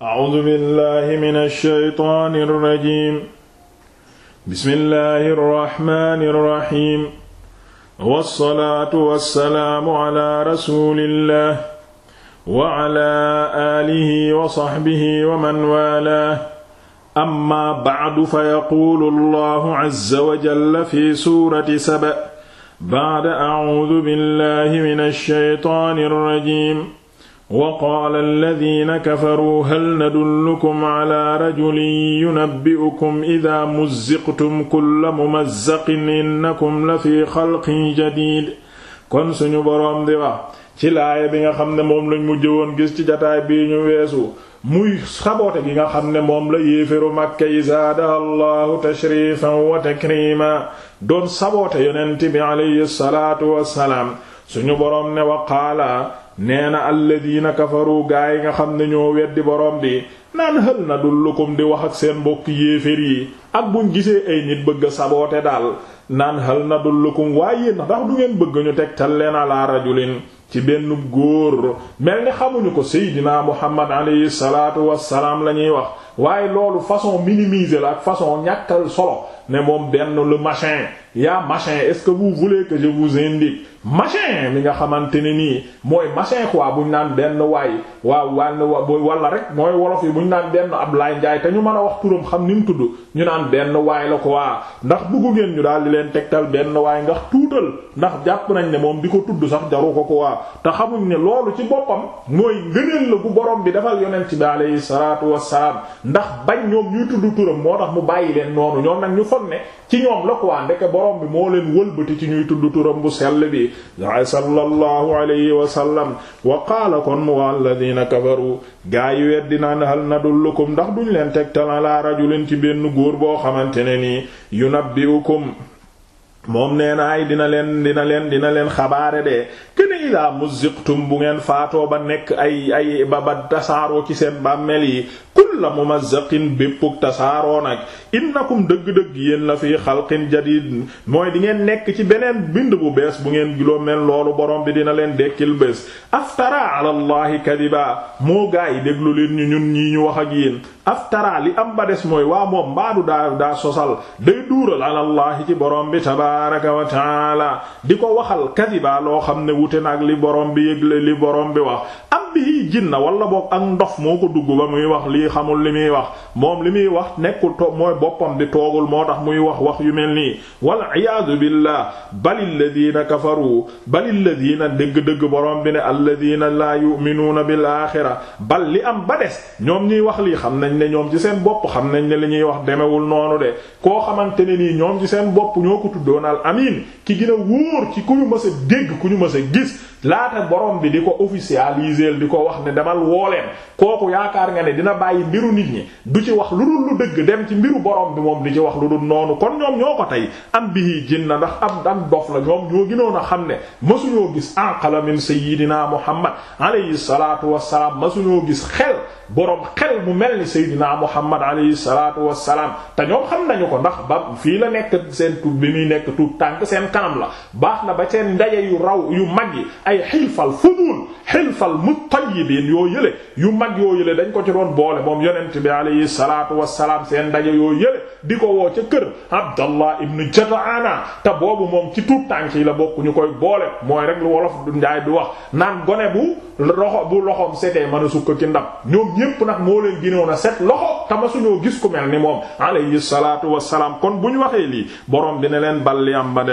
A'uuzu billaahi mina shaytaani rajiim. Bismillaahi rahmaani rahiim. Wassalaatu wassalaamu alaa rasuulillaah wa alaa aalihi wa sahbihi wa man waalaah. Ammaa ba'du fayaquulu Allaahu azza wa jalla fi suurati Saba. Ba'da a'uuzu billaahi mina shaytaani rajiim. وقال الذين كفروا هل ندلكم على رجل ينبئكم إذا مزقتم كل ممزق إنكم لفي خلق جديد kon suñu boroom di ci laaya bi nga xam ne moom lañ mujj woon gis ci jataay bii ñu weesu muy saboote gi nga xam ne moom la yéeféru Makka yi zaadaha llahu tashrifan wa takrima doon saboote yonent bi alayhi salaatu wassalaam suñu borom ne waqaala nee na alladina kafaru gaa yi nga xam ne ñoo weddi borom bi naan hël na dullukum di wax ak seen mbokki yéefér yi ak buñ gisee ay nit bëgg saboote daal naan hël na dullukum waaye ndax du ngeen bëgg ñu tegtal leen ala rajulin ci benn góor mel ni xamuñu ko seydinaa muhammad alayhi salaatu wassalaam la ñuy wax waaye loolu façon minimiser la ak façon ñàkkal solo ne moom benn le machin yaa machin est-ce que vous voulez que je machin mi nga xamante ne nii mooy machin bu ñu naan benn waay waaw wann wala rek mooy wolof yi ñu naan benn ab Ablaye Ndiaye te ñu mën a wax turam xam ni mu tudd ñu naan benn waay la ko waa ndax bëggu ngeen ñu daal di leen tegtal benn waay ndax tuutal ndax jàpp nañ ne moom bi ko tudd sax jaru ko ko waa te xamuñ ne loolu ci boppam mooy ngëneel la bu borom bi defal yonent bi alayhi salaatu wassalaam ndax bañ ñoom ñuy tudd mu bàyyi leen defoon ne ci ñoom la quoi ndeke borom bi moo leen wëlbati ci ñuy tudd turam bu sell bi sallallahu alayhi wa sallam wa qaala kon mu alladhina kafaru gaa yi weddi naan hal nadullukum ndax duñ leen tegtal ala rajulin ci benn góor boo xamante ne nii yunabbiukum moom nee na dina leen dina leen dina leen xabaare de kene ila muzziqtum bu ngeen faatoo ba nekk ay ay ba ba tasaaroo ci seen bàmmeel yi kulla mumazzaqin béppug tasaaroo nag innakum dëgg-dëgg yéen la fi xalqin jadid mooy di ngeen nekk ci beneen bind bu bees bu ngeen giloo mel loolu borom bi dina leen dekkil bés aftara ala allahi kadiba moo gaa yi déglu leen ñu ñun ñii ñu wax ak yéen aftara li am ba des mooy waa moom mbaadu daa daa sosal day duural ala allahi ci borom bi tabaraka wa taala di ko waxal kadiba loo xam ne wute nag li borom bi yëgle li borom bi wax am bihi jinna wala boog ak ndof moo ko dugg ba muy wax lii xamul li muy wax moom li muy wax nekkul to mooy boppam toogul moo tax muy wax wax yu mel nii wal iyaadu billah bal alladina kafaru bal alladina dëgg-dëgg borom bi ne alladina laa yuminuuna bil axira bal li am ba des ñoom ñuy wax lii xam nañ ne ñoom ci seen bopp xam nañ ne li ñuy wax demewul noonu de koo xamante ne nii ñoom ci seen bopp ñoo ko tuddoon al amin ki gën a wóor ci ku ñu mës dégg ku ñu mës a gis laata borom bi di ko officialiser di ko wax ne demal wooleen kooku yaakaar nga ne dina bàyyi mbiru nit ñi du ci wax lu dul lu dëgg dem ci mbiru borom bi moom di ci wax lu dul noonu kon ñoom ñoo ko tey am bihi na ndax am dan dof la ñoom ñoo gënoon a xam ne masuñoo gis anqala min sayidina muhammad alayhi salatu wasalaam masuñoo gis xel borom xel mu mel ni sayidina muhammad alayhi salatu salaam te ñoom xam nañu ko ndax ba fii la nekk seen tub bi muy nekk tub tànk seen kanam la baax na ba seen ndaje yu raw yu mag yi ay xilfal fudul xilfal mutayyibiin yoo yële yu mag yoo yële dañ ko ci doon boole moom yonent bi alayhi salaatu wassalaam seen ndaje yoo yële di ko woo ca kër Abdallah ibn Jada'ana te boobu moom ci tuut tànk yi la bokk ñu koy boole mooy rek lu wolof du njaay du wax naan gone bu loxo bu loxoom setee mën a sukk ci ndab ñoom ñépp nag moo leen ginoon a set loxo tama suñoo gis ku mel ni moom alayhi salaatu wassalaam kon bu ñu waxee lii borom dina leen balli am ba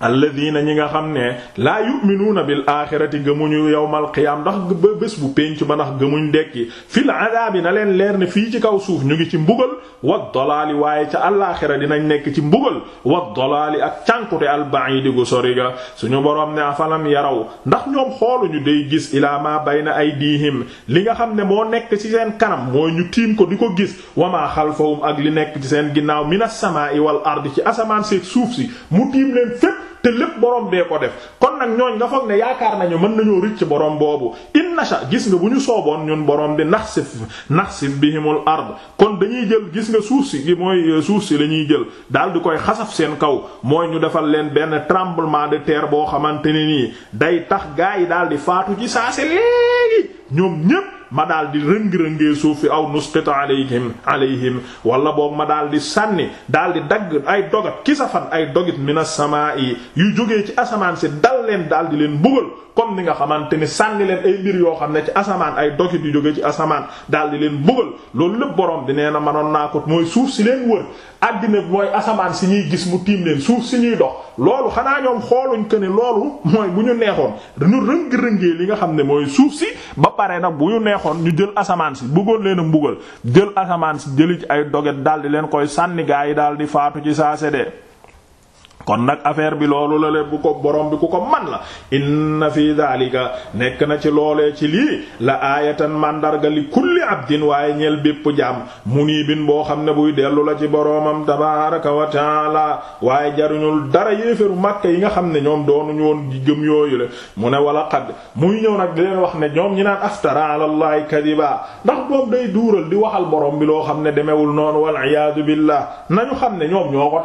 alladina ñi nga xam ne laa yu'minuuna bil axirati gëmuñu yawmal qiyaam ndax ba bés bu penc ba ndax gëmuñ dekki fil adaabi na leen leer ne fii ci kaw suuf ñu ngi ci mbugal wa dolaali waaye ca alaaxira dinañ nekk ci mbugal wa dolaali ak cànkute albaidi gu sori ga suñu boroom ne afalam yaraw ndax ñoom xooluñu day gis ilaa ma bayna aydihim li nga xam ne moo nekk ci seen kanam mooy ñu tiim ko di ko gis wamaa ma xalfahum ak li nekk ci seen ginnaaw minas samaa'i wal ardi ci asamaan seek suuf si mu tiim te lépp borom bee ko def kon nag ñooñ nga foog ne yaakaar nañu mën nañoo rëcc borom boobu in nasha gis nga bu ñu sooboon ñun borom bi naxsif naxsif bihimul ard kon dañuy jël gis nga suuf si gi mooy euh, suuf si la ñuy jël daal di koy xasaf seen kaw mooy ñu defal leen benn tremblement de terre boo xamante ne nii day tax gaa yi daal di faatu ci saa si léegi ñoom ñépp ma daal di rëng-rëngee suuf fi aw nusqita alayhim alayhim wala boog ma daal di sànni daal di dagg ay dogat kisafan ay dogit mina samaa'i yu jógee ci asamaan si dal leen daal di leen bugal comme ni nga xamante ni sànni leen ay mbir yoo xam ne ci asamaan ay dogit yu jógee ci asamaan daal di leen bugal loolu lépp borom bi nee na manoon naa ko mooy suuf si leen wër àddina mooy asamaan si ñuy gis mu tiim leen suuf si ñuy dox loolu xanaa ñoom xooluñ ko ne loolu mooy bu ñu neexoon ñu rëng-rëngee li nga xam ne mooy suuf si ba pare na bu ñu neexoon neexoon ñu jël asamaan si bëggoon leen a mbugal jël asamaan si jëli ci ay doget daal di leen koy sànni gaa yi daal di faatu ci saa sedee kon nag affaire bi loolu la le bu ko borom bi ku ko man la inna fi daalika nekk na ci loolee ci lii la aayatan mandarga li kulli abdin waaye ñeel bépp jaam munibin boo xam ne buy dellu la ci boroomam tabaaraka wa taala waaye jaruñul dara yéeféru màkka yi nga xam ne ñoom doonuñu woon gëm yooyu la mu ne wala xadd muy ñëw nag di leen wax ne ñoom ñi naan aftara alallahi kadiba ndax moom day duural di waxal borom bi loo xam ne demewul noonu wal iyaadu billah nañu xam ne ñoo ko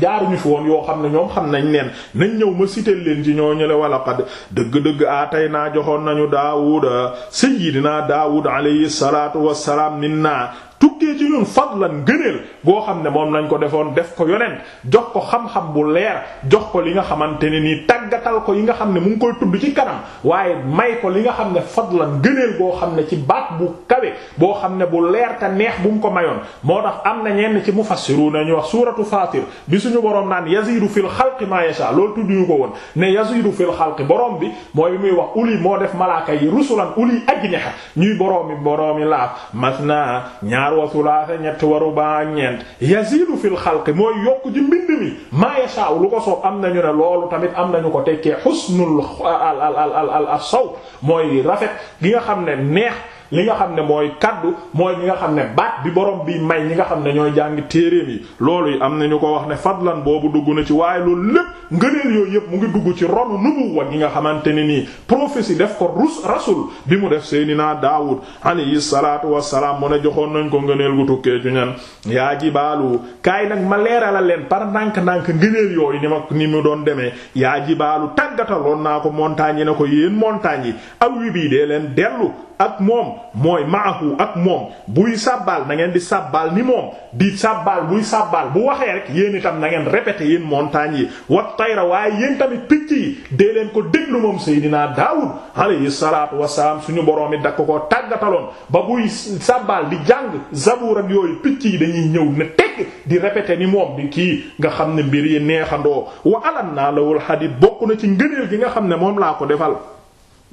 jaaruñu fi woon yoo xam ne ñoom xam nañ leen nañ ñëw ma citer leen ci ñoo ñële wala qad dëgg-dëgg tey naa joxoon nañu daawuda sayyidina daawud alayhi salaatu wassalaam naa tukkee ci ñun fadlan ngëneel goo xam ne moom lañ ko defoon def ko yonent jox ko xam-xam bu leer jox ko li nga xamante ne nii tàggatal ko yi nga xam ne mu ngi koy tudd ci kanam waaye may ko li nga xam ne fadlan ngëneel goo xam ne ci baat bu kawe boo xam ne bu leer te neex bu mu ko mayoon moo tax am na ñenn ci mufassiruna ñu wax suuratu Faatir bi suñu borom naan yaziidu fil xalqi maa yasha loolu tudd ñu ko woon ne yaziidu fil xalqi borom bi mooy muy wax uli moo def malaaka yi rusulan uli ajniha ñuy boroomi boroomi laaf masna ñaar ñaar wa sulaasa ñett wa rubaa ak ñeent yaziidu fil xalqi mooy yokk ci mbind mi maa yashaa lu ko soob am nañu ne loolu tamit am nañu ko tekkee xusnul al al al al al saw mooy rafet gi nga xam ne neex li nga xam ne mooy kaddu mooy ñi nga xam ne baat bi borom bi may ñi nga xam ne ñooy jàng téeréem yi loolu yi am na ñu ko wax ne fadlan boobu dugg na ci waaye loolu lépp ngëneel yooyu yëpp mu ngi dugg ci ronu nubuwa gi nga xamante ne nii prophétie def ko rus rasul bi mu def seydinaa Daawud alayhi salaatu wassalaam mu ne joxoon nañ ko ngëneel gu tukkee ci ñan yaa jibaalu kaay nag ma leerala leen par ndànk-ndànk ngëneel yooyu ni ma ni mu doon demee yaa jibaalu tàggataloon naa ko montagne yi ne ko yéen montagne yi aw wi bii dee leen dellu ak moom mooy maahu ak moom buy sàbbaal na ngeen di sàbbaal ni moom di sàbbaal buy sàbbaal bu waxee rek yéen itam na ngeen répété yéen montagnes yi wat tayra waaye yéen tamit picc yi dee leen ko déglu moom Seydina Daawud alayhi salaatu wassalaam suñu boroom it dakk ko tàggataloon ba buy sàbbaal di jàng zabuur ak yooyu picc yi dañuy ñëw ne teg di répété ni moom di kii nga xam ne mbir yi neexandoo wa alam naa lawul hadid bokk na ci ngëneel gi nga xam ne moom laa ko defal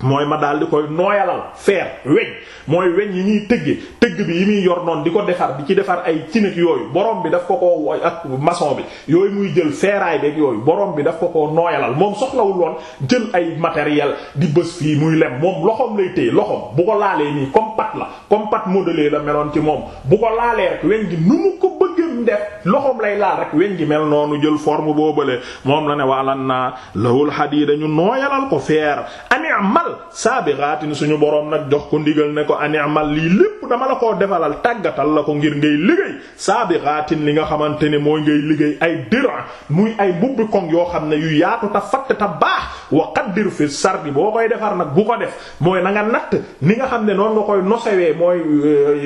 mooy ma daal di koy nooyalal feer weñ mooy weñ yi ñuy tëgge tëgg bi yi muy yor noonu di ko defar di ci defar ay cinik yooyu borom bi daf ko ko wooy ak maçon bi yooyu muy jël feeraay beeg yooyu borom bi daf ko ko nooyalal moom soxlawul woon jël ay matériel di bës fii muy lem moom loxoom lay téye loxoom bu ko laalee nii pat la comme pat modelé la meloon ci moom bu ko laalee rek weñ gi nu mu ko bëggee def loxoom lay laal rek weñ gi mel noonu jël forme boobale moom la ne waalan naa lawul hadida ñu nooyalal ko feer ani'mal sabiqatin suñu boroom nag jox ko ndigal ne ko ani'mal lii lépp dama la koo defalal tàggatal la ko ngir ngay liggéey sabiqatin li nga xamante ne mooy ngay liggéey ay dira muy ay mbubbi koŋ yoo xam ne yu yaatu ta fatt ta baax wa qaddir fi nag bu nosewee mooy euh,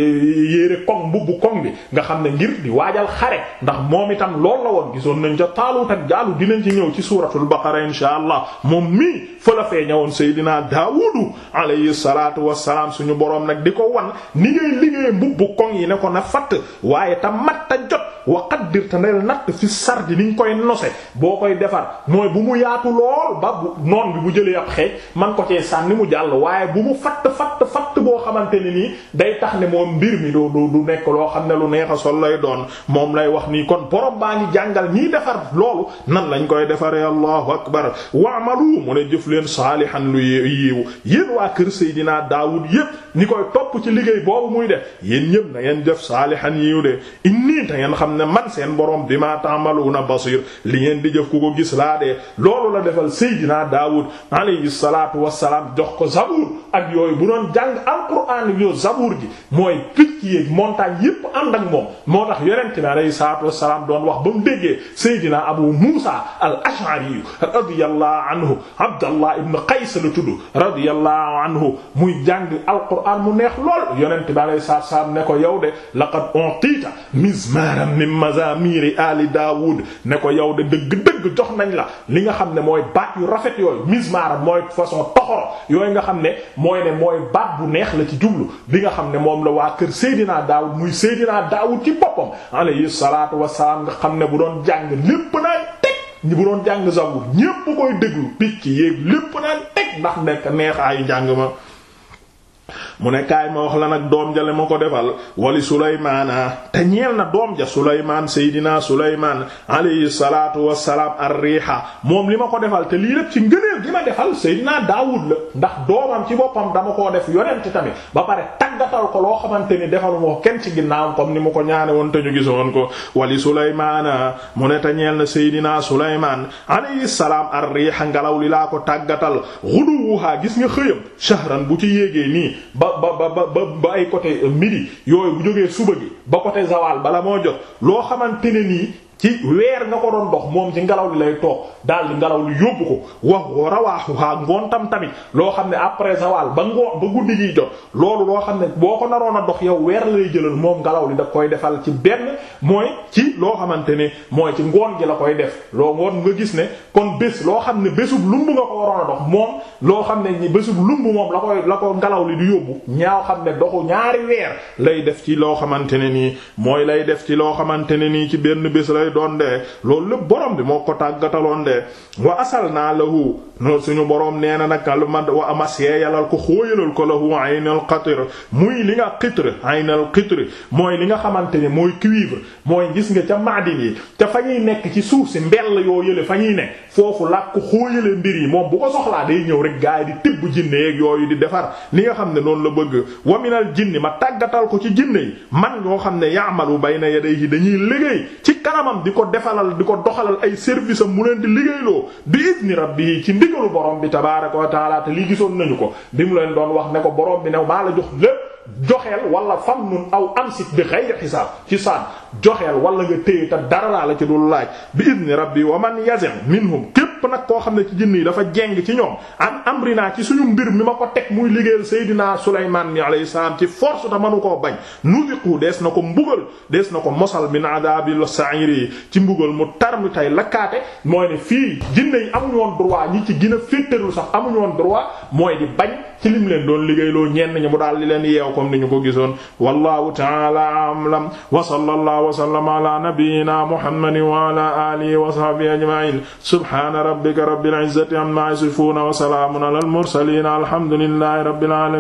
yére koŋ mbubbu koŋ bi nga xam ne ngir di waajal xare ndax moom itam lool la woon gisoon nañ ca Taalut ak Jaalut dinañ ci ñëw ci suuratul Baqara inshaa Allah moom mii fa la fee ñëwoon Seydina Daawudu alayhi salaatu wassalaam suñu boroom nag di ko wan ni ngay liggéey mbubbu koŋ yi ne ko na fatt waaye ta mat ta jot wa qaddir te nel natt fi sardi ni ñu koy nose boo koy defar mooy bu mu yaatu lool ba noon bi bu jëlee ab xeej man ko cee sànni mu jàll waaye bu mu fatt fatt fatt boo xamante ni nii day tax ne moom mbir mi du du nekk loo xam ne lu neex a sol lay doon moom lay wax nii kon borom baa ngi jàngal ñiy defar loolu nan lañ koy defaree allahu akbar wa'malu mu ne jëf leen saalihan lu yiw yéen waa kër dinaa Daawud yépp ni koy topp ci liggéey boobu muy de yéen ñëpp na ngeen jef saalihan yiw de inni te ngeen xam ne man seen borom bi ma ta'maluna basir li ngeen di jëf ku ko gis laa de loolu la defal Seydina Daawud alayhi salaatu wassalaam jox ko Zabuur ak yooyu bu doon jàng alquran yo Zabuur ji mooy picc yeeg montagne yépp ànd ak moom moo tax yonent bi alayhi wax ba mu déggee Seydina Abu Muusa al-Ash'ari radiyallahu anhu Abdallah ibn Qays la tudd radiyallahu anhu muy jàng alquran alquran mu neex lool yonent bi alayhi salaatu salaam ne ko yow de laqad u'tiita mizmaaran min mazaamiiri aali Daawuud ne ko yow de dëgg-dëgg jox nañ la li nga xam ne mooy baat yu rafet yooyu mizmaaran mooy façon toxoro yooyu nga xam ne mooy ne mooy baat bu neex la ci jublu bi nga xam ne moom la waa kër Seydina Daawuud muy Seydina Daawuud ci boppam alayhi salaatu wassalaam nga xam ne bu doon jàng lépp naa teg ñi bu doon jàng Zabuur ñépp koy déglu picc yéeg lépp ndax nekk neex ay mu ne kaay ma wax la nag doom ja le ma ko defal wali sulaymaana te ñeel na doom ja sulaymaan seydinaa sulaymaan alayhi salaatu wassalaam ar-riiha moom li ma ko defal te lii lépp defal seydinaa daawud la ndax doomam ci boppam dama koo def yonent tamit ba pare taggatal ko loo xamante ni defaluma ko kenn ci ginnaawam ni mu ko ñaane woon te ñu gisoon ko wali sulaymaana mu ne te ñeel na seydinaa sulaymaan alayhi salaam ar-riiha ngelaw li laa ko tàggatal ghuduwuha gis nga xëyam shahran bu ci yéegee nii ba ba ba ba ay côté euh, midi yooyu bu jógee suba gi ba côté zawal bala moo jot loo xamante ne nii ci weer nga ko doon dox moom ci ngelaw li lay toog daal di ngelaw li yóbbu ko wax rawaaxuhaa tam tamit loo xam ne après zawal ba ngoo ba guddi gi jot loolu loo xam ne boo ko naroon a dox yow weer lay jëlal moom ngelaw li da koy defal ci benn mooy ci loo xamante ne mooy ci ngoon gi la koy def loo nga gis ne kon bés loo xam ne bésub lumb nga moom loo xam ne bésub lumb moom la koy la ko ngelaw li di yóbbu ñaaw xam ne doxu ñaari weer lay def ci loo xamante ne nii mooy lay def ci loo xamante ne nii ci benn bés lay di doon de loolu lépp borom bi moo ko tàggataloon de wa asal naa lahu noonu suñu boroom nee na nag lu ma ama amas ko xóoyalal ko lahu aynal qatr muy li nga qitr aynal qitr mooy li nga xamante ne mooy cuivre mooy gis nga ca maadin yi te fa ñuy nekk ci suuf si mbell yoo yële fa ñuy nekk foofu làkk xóoyale mbir yi moom bu ko soxlaa day ñëw rek gaay di tibb jinne yeeg yooyu di defar li nga xam ne noonu la bëgg waminal jinni ma tàggatal ko ci jinne yi man ñoo xam ne yaamalu bay na yadayhi di ko defalal di ko doxalal ay service am mu leen di liggéeyloo bi rab rabbihi ci ndigalu borom bi tabaaraka wa te lii gisoon nañu ko bi mu leen doon wax ne ko boroom bi ne maa la jox lépp joxeel wala fam nun aw amsit bi ghayri xisaab ci saan joxeel wala nga téye te dara laa la ci dul laaj bi idni rabbi wa man minhum képp nag koo xam ne ci jinne yi dafa jeng ci ñoom an amri naa ci suñu mbir mi ma ko teg muy liggéeyal Seydina Sulaymaan mi alayhi salaam ci force te manu koo bañ nuziqu dees na ko mbugal des na ko mosal min adaabil sa'iri ci mbugal mu tar mi tey lakkaate mooy ne fii jinne yi amuñu woon droit ñi ci gën a féetarlu sax amuñu woon droit mooy di bañ ci lim leen doon loo ñenn ñi mu daal di leen yeew comme ni ñu ko gisoon sallallahu wa sallama ala nabiyyina muhammadin wa ala alihi wa sahbihi ajma'in subhana rabbika rabbil izzati amma yasifun wa salamun alal mursalin alhamdulillahi rabbil alamin